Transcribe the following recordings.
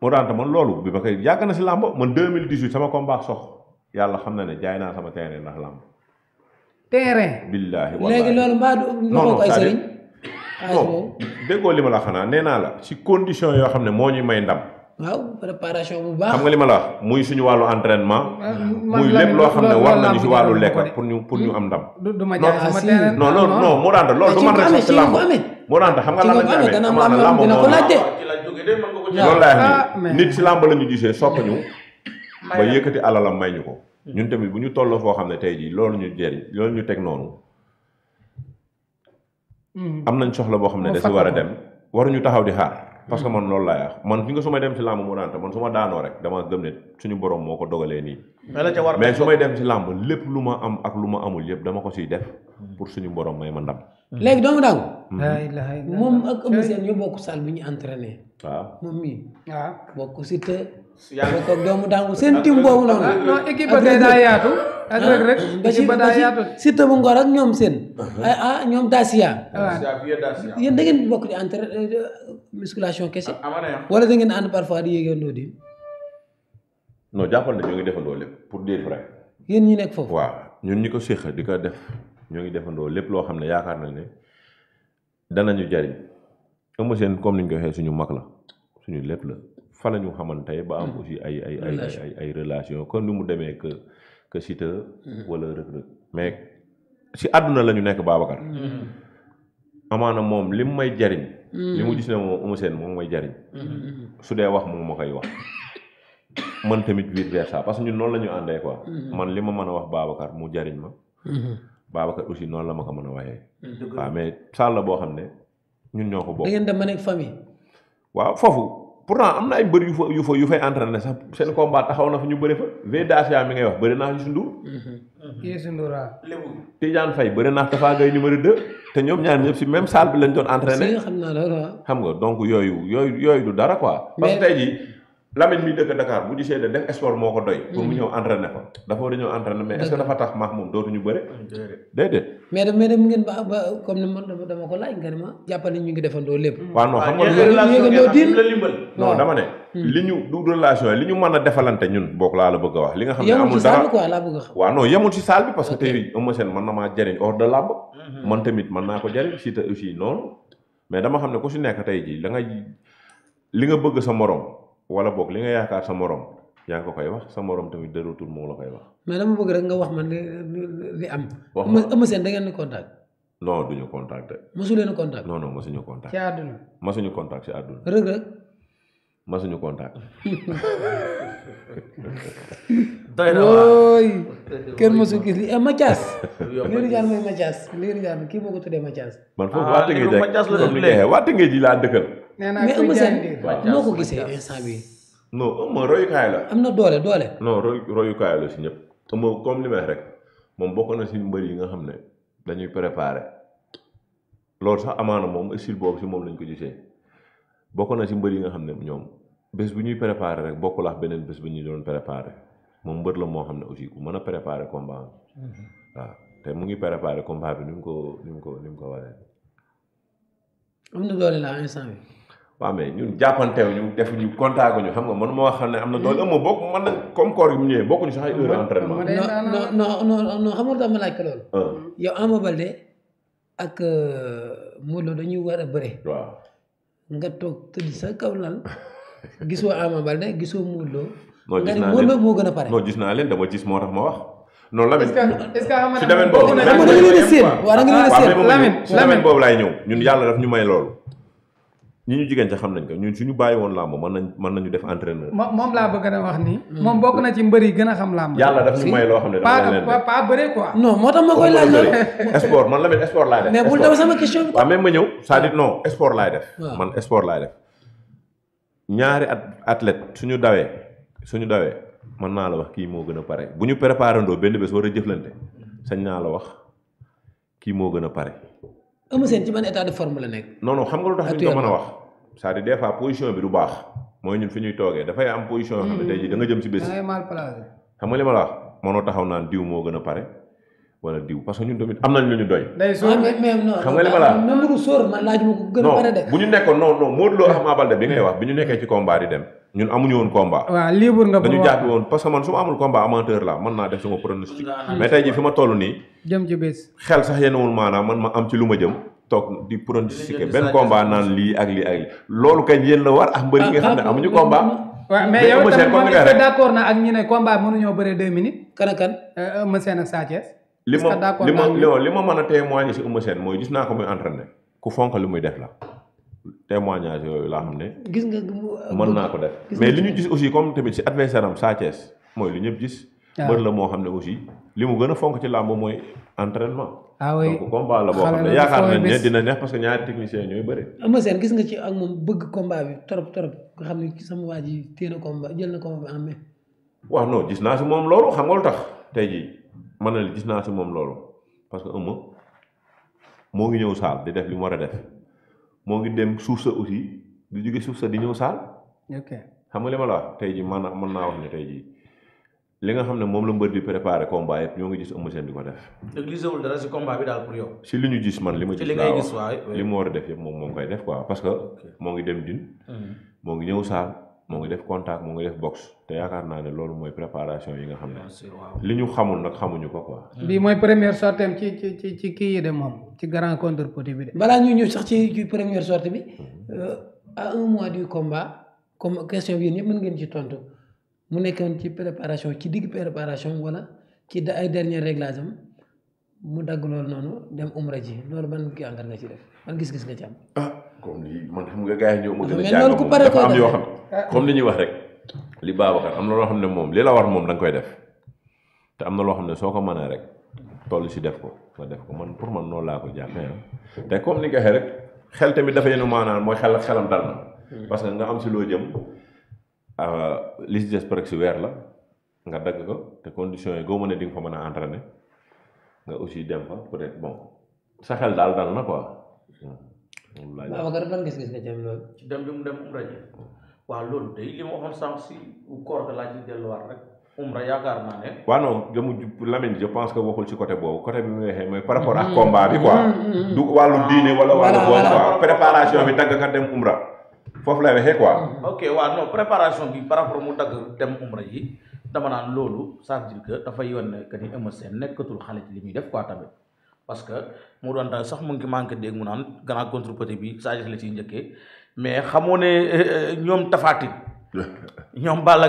moo daan te man loolu bi ma koy yàgg na si làmb man 2018 sama combat sox yàlla xam na ne jaay naa sama terrain ndax làmb. terrain. billaahi wallaahi léegi loolu mbaa du. non ay sëriñ. Ah, non déggoo li ma la xanaa nee naa la si condition yoo xam ne moo ñuy may ndam. waaw préparation bu baax. xam nga li ma la muy suñu wàllu entrainement ah, muy lépp loo xam ne war ñu si wàllu lekk pour ñu pour ñu am ndam. du ma jaay sama terrain du man rek sax làmb moo tax xam nga lan lañ amee dana am làmb dina loolu laay ah, xam nit si làmb la gisee sopp ñu ba yëkkati alalam may ñu ko ñun tamit bu ñu toll foo xam ne tey jii loolu ñu jëriñ loolu ñu teg noonu hmm. am nañ soxla boo xam ne da si war a dem waruñu taxaw di xaar parce que man loolu laa yàq man fi nga su may dem si làmb mu naan man su ma daanoo rek dama gëm ne suñu borom moo ko dogalee nii. mais su may dem si làmb lépp lu ma am ak lu ma amul yëpp dama ko siy def pour suñu borom may ma ndam. léegi doomu daaw. Mm-hmm. moom ak Eumeu Sène ñu bokk salle bi ñu entraîné. waaw moom mii. waaw ah. bokk si te. yaa ngi ko doomu daangu seen tim boobu noonu. non équipe ba tey daa yaatu. ak rek rek équipe ba daa yaatu. surtout bu ak ñoom seen. Uh-huh. ah ah ñoom Dacia. waaw ah. yéen da ngeen bokk di entre euh, musculation kese. Ah, wala da ngeen ànd parfois di yéegandoo di. non jàppal na ñu ngi defandoo lépp pour dire vrai. yéen ñi nekk foofu. waaw ñun ñi ko séq di ko def ñoo ngi defandoo lépp loo xam ne yaakaar na ne danañu jariñ ëmb seen comme ni ñu ko waxee suñu mag la suñu lépp la. fa la ñu xamante ba am mm-hmm. aussi ay ay ay ay relation kon ni mu demee que que Siteu mm-hmm. wala Reug mais si àdduna la ñu nekk Babacar mm-hmm. amaana moom li mu may jariñ li mu gis ne moom Eumeu Sène may jariñ su dee wax moom ma koy wax man tamit vice versa parce que ñun noonu la ñu àndee quoi man li ma mën a wax Babacar mu jariñ ma Babacar aussi noonu la ma ko mën a waxee waaw mais sàll la boo xam ne ñun ñoo ko bokk waaw foofu pour pourtant am na ay mbër yu fa yu fa yu fay entraîné sax seen combat taxaw na fa ñu bëri fa VDACA mi ngay wax bëri naa Youssou Ndour. Mm-hmm. Youssou fay waaw. Tidiane Faye bëri naa Tafa Gueye numéro 2 te ñoom ñaar ñëpp si même salle bi leen doon entraîné. xam naa loolu waaw. xam nga donc yooyu yooyu yooyu du dara quoi. parce tey jii Lamine mi dëkk Dakar bu gisee ne def sport moo ko doy. Mm. pour mu ñëw entraîner fa dafa war a ñëw entraîner mais est-ce que dafa tax maax moom dootuñu bëre. Ah, déedéet mais mais dem ngeen ba ngi defandoo lépp. Mm. waaw non xam nga non dama ne. Mm. li ñu du relation yi li ñu mën a defalante ñun book laa la bëgg a wax. li nga xam ne amul dara saal bi quoi a xam. waaw non yemul saal parce que tey Eumeu Sène mën na maa jëriñ hors de làmb. Mm-hmm. man tamit mën naa ko jëriñ si te aussi noonu mais dama xam ne ku si nekk tey ji la nga li nga bëgg sa morom wala boog li nga yaakaar sa morom yaa ngi koy wax sa moroom tamit de moo la koy wax. mais mu bëgg rek nga wax man li li am. wax ma Eumeu Sène da ngeen di contact. non duñu contact. mosu leen contact. non non mosuñu contact. ci àdduna. mosuñu contact ci àdduna. Reug Reug. mosuñu contact. doy na waay kenn mosu gis li eh, Mathias. liiru jaan mooy li liiru jaan kii moo ko tuddee Mathias. man ah, foofu waa Tëngéej ji laa dëkkal. nee naa mais Eumeu la. am na doole doole. non roy la si ñëpp. Eumeu comme li rek moom bokk na si mbër yi nga xam ne dañuy préparé loolu sax amaana moom style boobu si moom lañ ko gisee bokk na si mbër yi nga xam ne ñoom bés bu ñuy préparé rek bokkul ak beneen bés bu ñuy doon préparé moom mbër la moo xam ne aussi ku mën a préparé combat mhm. te mu ngi préparé combat bi ni mu ko ni mu ko ni mu ko waree. am na doole la instant waaw mais ñun jàppanteew ñu def ñu contact ñu xam nga man moo xam ne am na doole ëmb bokk man nag comme koor yi mu ñëwee bokkuñu sax ay heure entraînement. nga dama laaj ko loolu. yow ak euh, Modou dañuy war a bëre. waaw nga toog tëdd sa kaw lal gisoo Ama Baldé gisoo Modou Lo. nga ne Modou gis naa leen dama gis moo tax ma wax. non Lamine su demee boobu. waaw laay ñëw ñun yàlla daf ñu may loolu ñu ñu jigéen ca xam nañ ko ñun suñu bàyyi woon làmb mën nañ man nañu def entraîneur moom laa bëgg a mm. wax nii mm. moom bokk na ci mbër yi gën a xam làmb yàlla daf ñu may loo xam ne dafa leen pas bëre quoi moo tax ma koy sport man la mel sport laay def ma ñëw cest sport laay def man sport laay def ñaari at athlète suñu dawee suñu dawee mën naa la wax kii moo gën a pare bu ñu préparé ndoo benn bés war a jëflante sañ naa la wax kii moo gën a pare Eumeu Sène ci ban état de forme la nekk. non non xam nga lu tax ñu ko a wax. fois position bi du baax mooy ñun fi ñuy toogee dafay am position yoo xam ne hmm. tey nga jëm si bés. da ngay mal placé. nga li ma la wax mënoo taxaw naan moo gën a pare wala diw parce que ñun tamit am nañ lu ñu doy. Ah, la wax. même lu ko sóor laaj gën a pare de. bu ñu nekkoo non non Modou Lo ak Ama bi ngay hmm. wax bi ñu nekkee ci combat di dem ñun amuñu woon combat. waaw libre nga dañu jàppi woon parce que man su ma amul combat amateur la mën naa def sama pronostic. mais tey jii fi ma toll nii. jëm ci bés. xel sax yéen a wul maanaam man ma am ci lu ma jëm. toog di pronostiquer benn combat naan lii ak lii ak lii. loolu kañ yéen la war ak mbër yi nga xam ne ah, ah, amuñu combat. Ah, waaw mais yow tamit moom est-ce que d'accord na ak ñi ne combat mënuñoo bëree deux minutes. kan ak kan euh, Eumeu Sène ak Sa Thiès. est-ce que d'accord li ma li ma li ma mën a témoigner ci Eumeu Sène mooy gis naa ko muy entraîné ku fonk li muy def la témoignage yooyu laa xam ne. gis nga mën naa ko def mais li ñu gis aussi comme tamit si adversaire am Sa mooy li ñëpp gis. Ah. mbër la moo xam ne aussi li mu gën a fonk ci làmb mooy entraînement. ah oui donc combat la boo xam ne yaakaar nañ parce que ñaari techniciens ñooy bëri. Eumeu Sène gis nga ci ak moom bëgg combat bi trop trop nga xam ne sama waa ji téye na combat jël na combat bi en main. waaw gis naa si moom loolu xam nga lu tax tey jii man na la gis naa si moom loolu parce que Eumeu moo ngi ñëw saal di def li mu a def. moo ngi dem suuf sa aussi du jóge suuf sa di ñëw saal. ok xam nga li ma la wax tey jii mën naa mën naa wax ne tey jii li nga xam ne moom la mbër di préparé combat yëpp ñoo ngi gis Eumeu seen di ko def. donc li sewul dara si combat bi daal si li ñu gis man li ma gis. li ngay gis li mu war a def yëpp moom moo koy def quoi parce que moo ngi dem din mhm. moo ngi ñëw saal. moo ngi def contact moo ngi def box te yaakaar naa ne loolu mooy préparation yi nga xam ne ah, li ñu xamul nag xamuñu ko quoi. Hmm. bii mooy première sortie ci ci ci ci kii yi de moom ci grand contre petit bi de. balaa ñuy ñëw sax ci ci première sortie bi hmm. euh, à un mois du combat comme question bi yéen ñëpp mën ngeen ci tontu mu nekkoon ci préparation ci digg préparation wala ci ay dernier réglage mu dagg loolu noonu dem umra ji loolu ban jàngat nga ci def ban gis-gis nga ci am. ah comme li man nga gars yi ñoo ma gën a jàng moom li ñuy wax rek li Babacar am na loo xam ne moom li la war moom danga koy def te am na loo xam ne soo ko mënee rek toll si def ko nga def ko man pour man noonu laa ko jàppee ah te comme ni nga waxee rek xel tamit dafa yenu maanaam mooy xel xelam dal na. Hmm. parce que nga am si loo jëm ah, li si des si weer la nga dagg ko te conditions yi goo mën a di nga fa mën a entraîner. nga aussi dem fa peut être bon sa xel daal dal na quoi. Babacar ban gis-gis nga ci loolu. ci dem bi mu dem umra ji waaw loolu day li ma waxoon sànq si koor ga laa ci delluwaat rek. umra yaakaar naa ne. waaw jub la Lamine je pense que waxul ci côté boobu côté bi mu waxee mooy par rapport ak mm-hmm. combat bi quoi. Mm-hmm. du wàllu diine wala wàllu boobu quoi préparation bi dagg ka dem umra foofu lay waxee quoi. ok waaw non préparation bi par rapport mu dagg dem umra yi. dama naan loolu ça veut dire que dafay yónnee que ni Eumeu Sène nekkatul xale ci li muy def quoi tamit parce que mu doon tax sax mu ngi manqué dégg mu naan grand contre petit bi Sa Thiès la ciy njëkkee mais xamoo ne euh, euh, ñoom Tapha ñoom Balla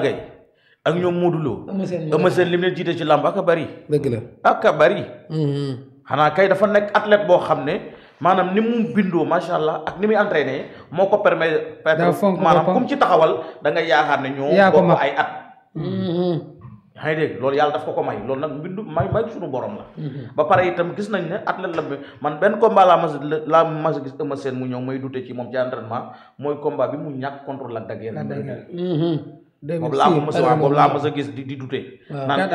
ak ñoom Modou Lo. Eumeu li mu leen jiite ci ak bari. dëgg ak bari. Mm-hmm. xanaa kay dafa nekk athlète boo xam ne maanaam ni mu bindoo macha allah ni muy entraîné moo ko permettre. daa comme ci taxawal da nga yaakaar ne ñoo. yaa ay at. Mm-hmm. yaa ngi dégg loolu yàlla daf ko ko may loolu nag mbindu may may suñu borom la mm-hmm. ba pare itam gis nañ ne athlète la bi man benn combat laa mas laa mas gis Eumeu Sène mu ñëw may dute ci moom ci entraînement mooy combat bi mu ñàkk contre Lac de mm-hmm. a boobu laa mës a gis di di dute na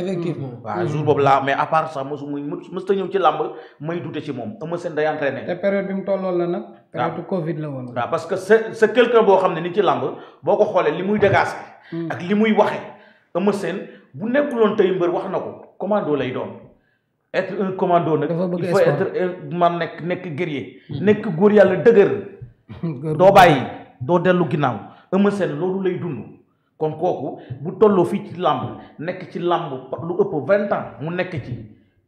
effectivement waaw jour boobu laa mais à part ça mosu muy ñëw ci làmb may dute ci moom Eumeu Sène day entraîné te période bi mu tolloon la nag période Covid la woon waaw parce que c'est c'est quelqu'un boo xam ne ni ci làmb boo ko xoolee li muy dégage Mm. ak li muy waxe Eumeu Sène bu nekkuloon tey mbër wax na ko commando lay doon être un commando nag il faut être man nekk nekk guerrier mm. nekk góor yàlla dëgër doo bàyyi doo dellu ginnaaw Eumeu loolu lay dund kon kooku bu tolloo fii ci làmb nekk ci làmb lu ëpp vingt ans mu nekk ci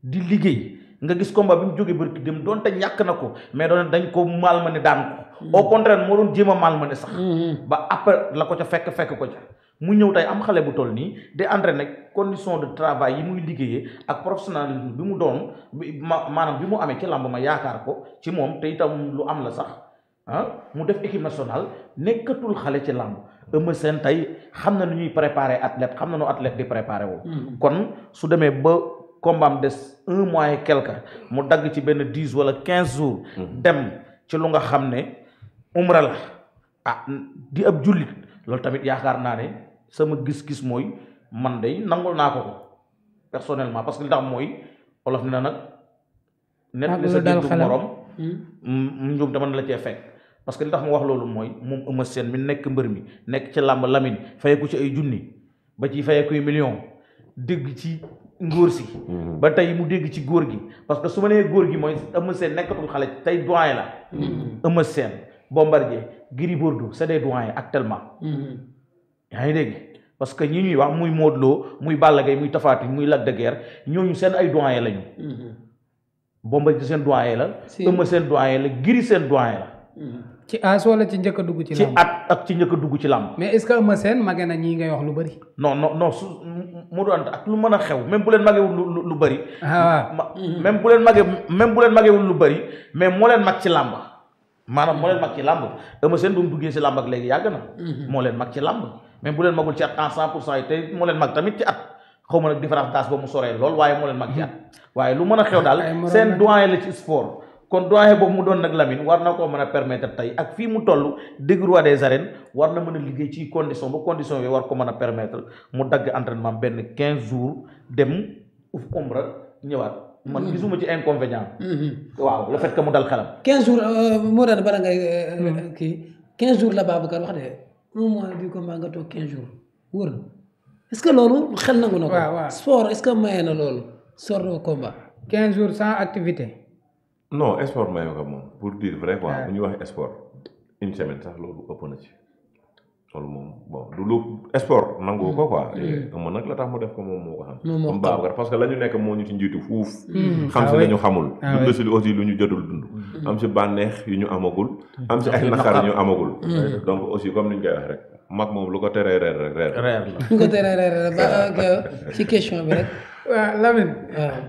di liggéey nga gis combat bi mu jógee barki dem donte ñàkk na ko mais doon dañ ko malmené daan ko mm. au contraire moo doon mal a ne sax mm-hmm. ba après la ko ca fekk fekk ko ca mu ñëw tey am xale bu toll nii di entraîné condition de travail yi muy liggéeyee ak professionnalisme bi mu doon ma maanaam bi mu amee ci làmb ma yaakaar ko ci moom te itam lu am la sax ah mu def équipe nationale nekkatul xale ci làmb Eumeu Sène tey xam na nu ñuy préparé athlète xam na nu athlète di préparé woo mm-hmm. kon su demee ba kombaam des un mois et quelque mu dagg ci benn dix wala quinze jours mm-hmm. dem ci lu nga xam ne umra la ah, di ab jullit loolu tamit yaakaar naa ne sama gis-gis mooy man de nangu naa ko ko parce que li tax mooy olof ne na nag net li sa dégg morom hmm. njuum dama ne la cee fekk parce que li tax mu wax loolu mooy moom Eumeu Sène mi nekk mbër mi nekk ci làmb Lamine fayeku ci ay junni ba ci fayeku million dégg ci ngóor si hmm. ba tey mu dégg ci góor gi parce que su ma nee góor gi mooy Eumeu Sène nekkatul xale tey doyen la hmm. Eumeu Sène Bombardier Gris Bordeaux c'est des doyens actuellement yaa ngi dégg parce que ñi ñuy wax muy Modou Lo muy Balla Gaye muy Tapha muy Lac de Guiers ñu seen ay doyen lañu. Mm-hmm. Bombardier seen doyen la. Eumeu seen doyen la Gris seen doyen la. Mm-hmm. ci as wala ci njëkk dugg ci. ci at ak ci njëkk a dugg ci làmb. mais est-ce que Eumeu Sène mage na ñii ngay wax lu bëri. non non non su mu doon ak lu mën a xew même bu leen magewul lu lu bëri. Ah. Mm-hmm. même bu leen mage même bu magewul lu bëri mais moo leen mag ci làmb. maanaam moo leen mag ci làmb Eumeu Sène bu mu duggee si làmb ak léegi yàgg na mhm. moo leen mag ci làmb même bu leen magul ci at en cent pour cent tey moo leen mag tamit ci at xaw ma nag différence d'âge ba mu soree lool waaye moo leen mag ci at mhm. waaye lu mën a xew daal seen doyen la ci sport kon doyen boobu mu doon nag Lamine war na koo mën a permettre tey ak fii mu toll dégg roi des arènes war na mën a liggéey ci condition ba condition yi war ko mën a permettre mu dagg entraînement benn quinze jours dem uf omra ñëwaat man mhm. gisuma ci inconvénient. Mhm. waaw le fait que mu dal xelam. quinze jours euh, moo daan ngay euh, hmm. kii 15 jours la Babacar wax de un mois du combat nga toog 15 jours wër est-ce que loolu xel nangu na ko. waaw waaw sport est-ce que maye na loolu sort au combat. 15 jours sans activité. non sport maye ko moom pour dire vrai quoi ah. bu ñu waxee sport une semaine sax loolu ëpp na ci. loolu moom bon lu sport nangoo ko mm. quoi. mën mm. nag la tax mu def ko moom moo ko xam. moom Babacar parce que la nekk moo ñu ci njiitu fuuf. Mm. xam si la ah ñu xamul. Ah dund si aussi lu ñu jotul dund. am si bànneex yu ñu amagul. am si ay naqar yu ñu amagul. donc aussi comme ni ñu koy wax rek mag moom lu ko teree reer rek reer. reer lu ko teree reer rek ba ci question bi rek. waaw Lamine.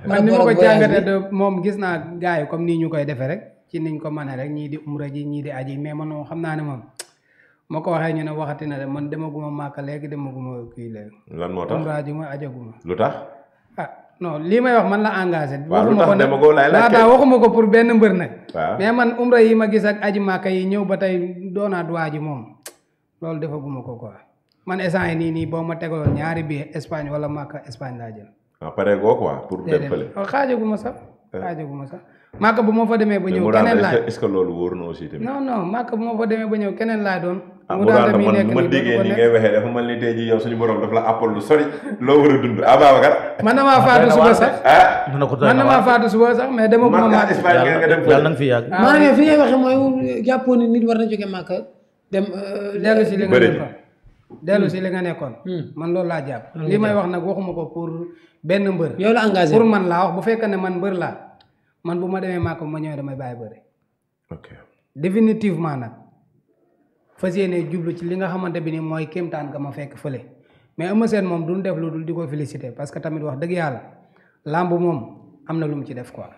man ni ma ko jàngatee de moom gis naa gars yi comme nii ñu koy defe rek ci niñ ko mën a rek ñii di umra ji ñii di aji mais man moom xam naa ne moom. ma ko waxee ñu ne waxati na de man demaguma Màkka léegi demaguma kii léegi. lan moo tax umra ji ma ajaguma. lu tax. ah non lii may wax man la engage waaw lu tax demagoo lay waxuma ko pour benn mbër nag. mais man umra yi ma gis ak aji Màkka yi ñëw ba tey doonaat waa ji moom loolu defaguma ko quoi man instant yi nii nii boo ma tegaloon ñaari bi Espagne wala Màkka Espagne laa jël. ah pare goo quoi pour dem fële. Oh, xaajaguma sax eh. xaajaguma sax. Màkka bu ma fa demee ba ñëw keneen laa est-ce na aussi tamit. keneen laa doon. Ah, mu daal tamit nekk ma déggee ni ngay waxee dafa mel ni tey jii yow suñu borom daf la appal lu sori loo war a dund ah Babacar. man na maa faatu suba sax ah. ah. ah dina ko man na maa faatu suba sax mais dama. ma maa nga dem ko yàlla na fi yàgg. maanaam fi ngay waxee mooy jàppoon ni nit war na jóge màkk dem. Euh, dellu si li nga nekkoon dellu si li nga nekkoon. man loolu laa jàpp. li may wax nag waxuma ko pour benn mbër. yow la engagé pour man laa wax bu fekkee ne man mbër laa man bu ma demee màkk ma ñëwee damay bàyyi bëri. ok définitivement nag fas yéene jublu ci li nga xamante bi ni mooy kéemtaan ga ma fekk fële mais Eumeu Sène moom duñ def lu dul di ko féliciter parce que tamit wax dëgg yàlla làmb moom am na lu mu ci def quoi.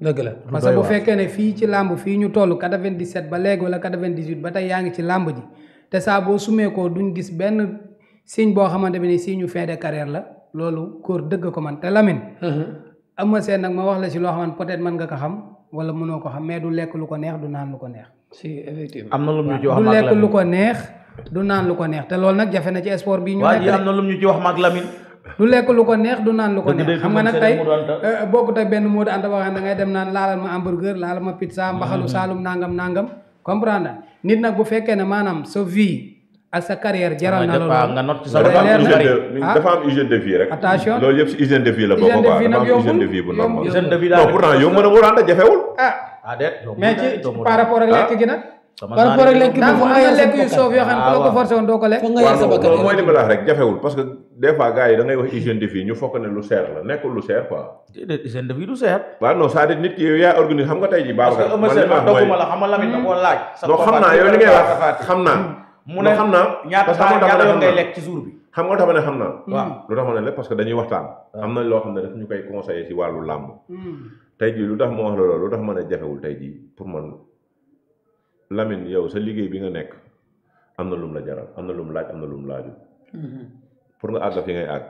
dëgg la parce que bu fekkee ne fii ci làmb fii ñu toll 97 ba léegi wala 98 ba tey yaa ngi ci làmb ji te saa boo sumee ko duñ gis benn signe boo xamante bi ni signe fin de carrière la loolu góor dëgg ko man te Lamine. Mhm. Eumeu Sène nag ma wax la si loo xamante peut-être mën nga ko xam wala mënoo ko xam du lekk lu ko neex du naan ko neex. si effectivement na lu ñu ci wax. du lekk lu ko neex du naan lu ko neex te loolu nag jafe na ci sport bi ñu nekk rek lu ñu ci wax maag Lamine. du lekk lu ko neex du naan lu ko neex xam nga nag tey euh, bokkut ak benn moo Anta waxee da dem naan laalal ma hamburger laalal ma pizza mbaxalu mm-hmm. saalum nangam nangam comprendre nit nag bu fekkee ne maanaam sa vie. ak sa carrière jaral na la nga not ci sa ah? dafa am hygiène de vie rek. attention yëpp si hygiène de vie la. bokk quoi dafa am hygiène de vie bu normal. pourtant a wóor jafewul ah. ah déet mais ci par rapport ak lekk gi par rapport ak lekk gi mooy li rek jafewul parce que des fois gars yi da ngay wax hygiène de vie ñu fokk ne lu seer la nekkul lu seer quoi. déedéet hygiène de nit ki yow yaa xam nga tey baax na man li ma wax mooy da koo hmm. laaj. sa xam naa yow li ngay wax xam naa. mu ne ñaata ñaata ngay lekk ci jour bi xam nga lu tax ma ne xam naa. waaw mm. lu tax ma ne lépp parce que dañuy am na loo xam ne daf ñu koy conseiller ci wàllu làmb. Mm. tey jii lu tax ma wax la loolu lu tax ma ne jafewul tey jii pour man Lamine yow sa liggéey bi nga nekk am na lum la jaral am na lum laaj am na lum laaju. Mm-hmm. pour nga àgg fi ngay àgg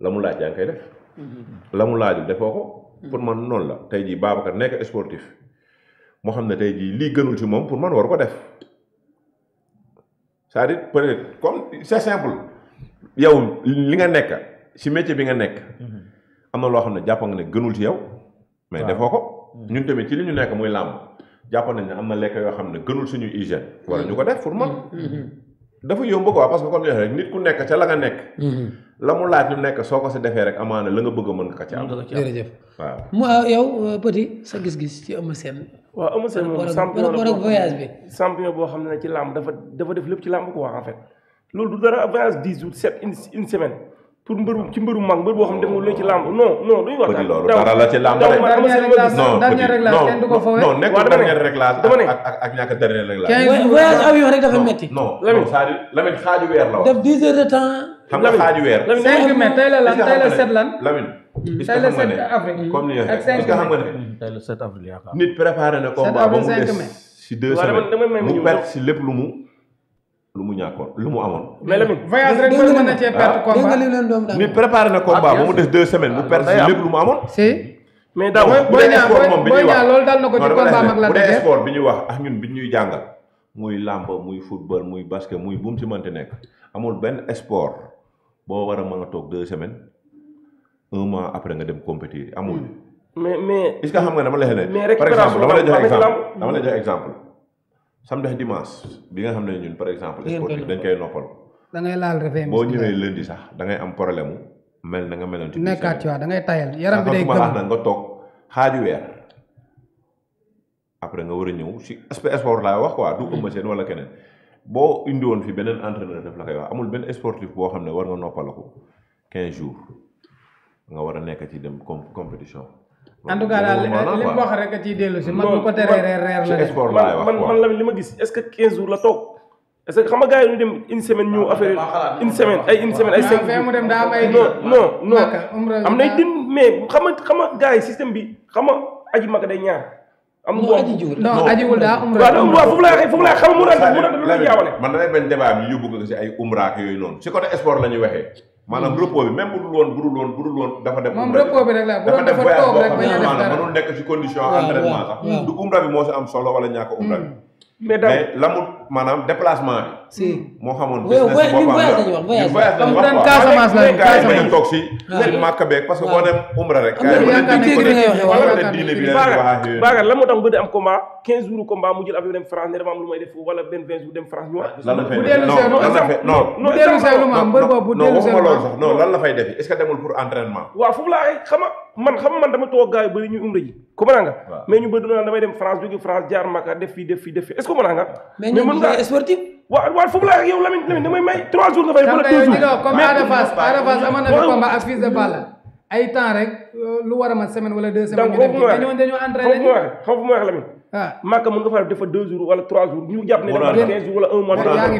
la mu laaj yaa ngi koy def. Mm-hmm. la mu laaju defoo ko. Mm-hmm. pour man noonu la tey jii baabaka nekk sportif moo xam ne tey jii lii gënul ci moom pour man war ko def c'est-à-dire comme c'est simple. yow li nga nekk si métier bi nga nekk. Mhm. am na loo xam ne jàpp nga ne gënul ci yow. mais defoo ko. Mhm. ñun tamit ci li ñu nekk muy làmb jàpp nañ ne am na lekk yoo xam ne gënul suñu hygiène. wala ñu ko def pour man. Mhm. dafa yomb quoi parce que comme li ku nekk ca la nga nekk. la mu laaj lu nekk soo ko si defee rek amaana la nga bëgg a mën nga ko ci am. jërëjëf waaw. mu ah, euh, sa gis-gis ci Eumeu seen waa Eumeu Sène moom boo xam ne ci làmb dafa dafa def lépp ci làmb quoi en fait. loolu du dara voyage dix jours sept une semaine pour mbëru ci mbëru mag mbër boo xam ne def nga ci làmb non non duñu wax dara la ci làmb rek non dernier ak ak ñàkk dernier réglage voyage avion rek weer la wax def dix heures de temps xam nga xaaju weer cinq mai tey la lan tey la sept lan Lamine tey la sept avril comme ni nga xam la sept avril yaakaar nit préparé na combat ba mu des si deux semaines mu perte si lépp lu mu lu mu ñàkkoon lu mu amoon. mais la voyage rek mën na prépare perte combat ni préparé na combat ah, mu des deux semaines mu perte ah, lépp lu mu amoon. si mais daaw bu dee sport moom bi ñuy wax loolu na ko ci combat mag bu ñuy wax ak ñun bi ñuy jànga muy làmb muy football muy basket muy bu mu ci mënti nekk amul benn sport boo war a mën a toog deux semaines un mois après nga dem compétir amul. Hmm. mais mais est-ce que xam nga dama lay ne. par exemple dama la joxe exemple exemple. samedi ak dimanche bi nga xam ne ñun par exemple. dañ koy noppal. da laal boo ñëwee lundi sax da am problème mu mel na nga meloon. ci biir nekkaat da ngay tayal yaram bi day gëm na nga toog xaaju weer. war a ñëw si aspect sport laay wax quoi du ëmb seen wala keneen boo indi woon fi beneen entraîneur daf la koy wax amul benn sportif boo xam ne war nga noppalaku 15 jours nga war a nekk ci dem compétition. en tout cas daal li mu wax rek ci dellu man bu ko teree reer man man la li ma gis est-ce que 15 jours la toog est-ce que xam nga bi xam nga aji maka day ñaar am nga non ajiwul daa umra waaw ko si ay umra ak yooyu noonu si côté sport la ñuy waxee maanaam hmm. repos bi même bu dul woon bu dul woon bu dul woon dafa dem. moom repos bi dafa def rek ba ñu def dara dafa def voyage boo xam ne maanaam mënul nekk ci du umra bi moo si am solo wala ñàkk umra bi hmm. mais lamut maanaam déplacement bi. si moo xamoon. business bi boppam la ñun voyage dañuy wax voyage dañuy toog si. màkk beeg parce que boo dem umra am na la moo tax mbënd am combat 15 jours combat mu jël avion dem France ne am lu may def la fay def non non bu dellu see bu dellu see lu ma la fay def est pour entraînement. foofu laa xama man xam man dama toog gars yu bëri ñuy umra ji ko mën nga mais ñu bëri dama damay dem France jóge France jaar Maka def fii def fii def fii est-ce que mën nga mais de Balla ay temps rek euh, lu war a mat semaine wala deux semaines dañoo dañoo entraîné xam fu ma wax Lamine ah. Maka mën nga fa def fa deux jours wala trois jours ñu jàpp ne dafa quinze jours wala un mois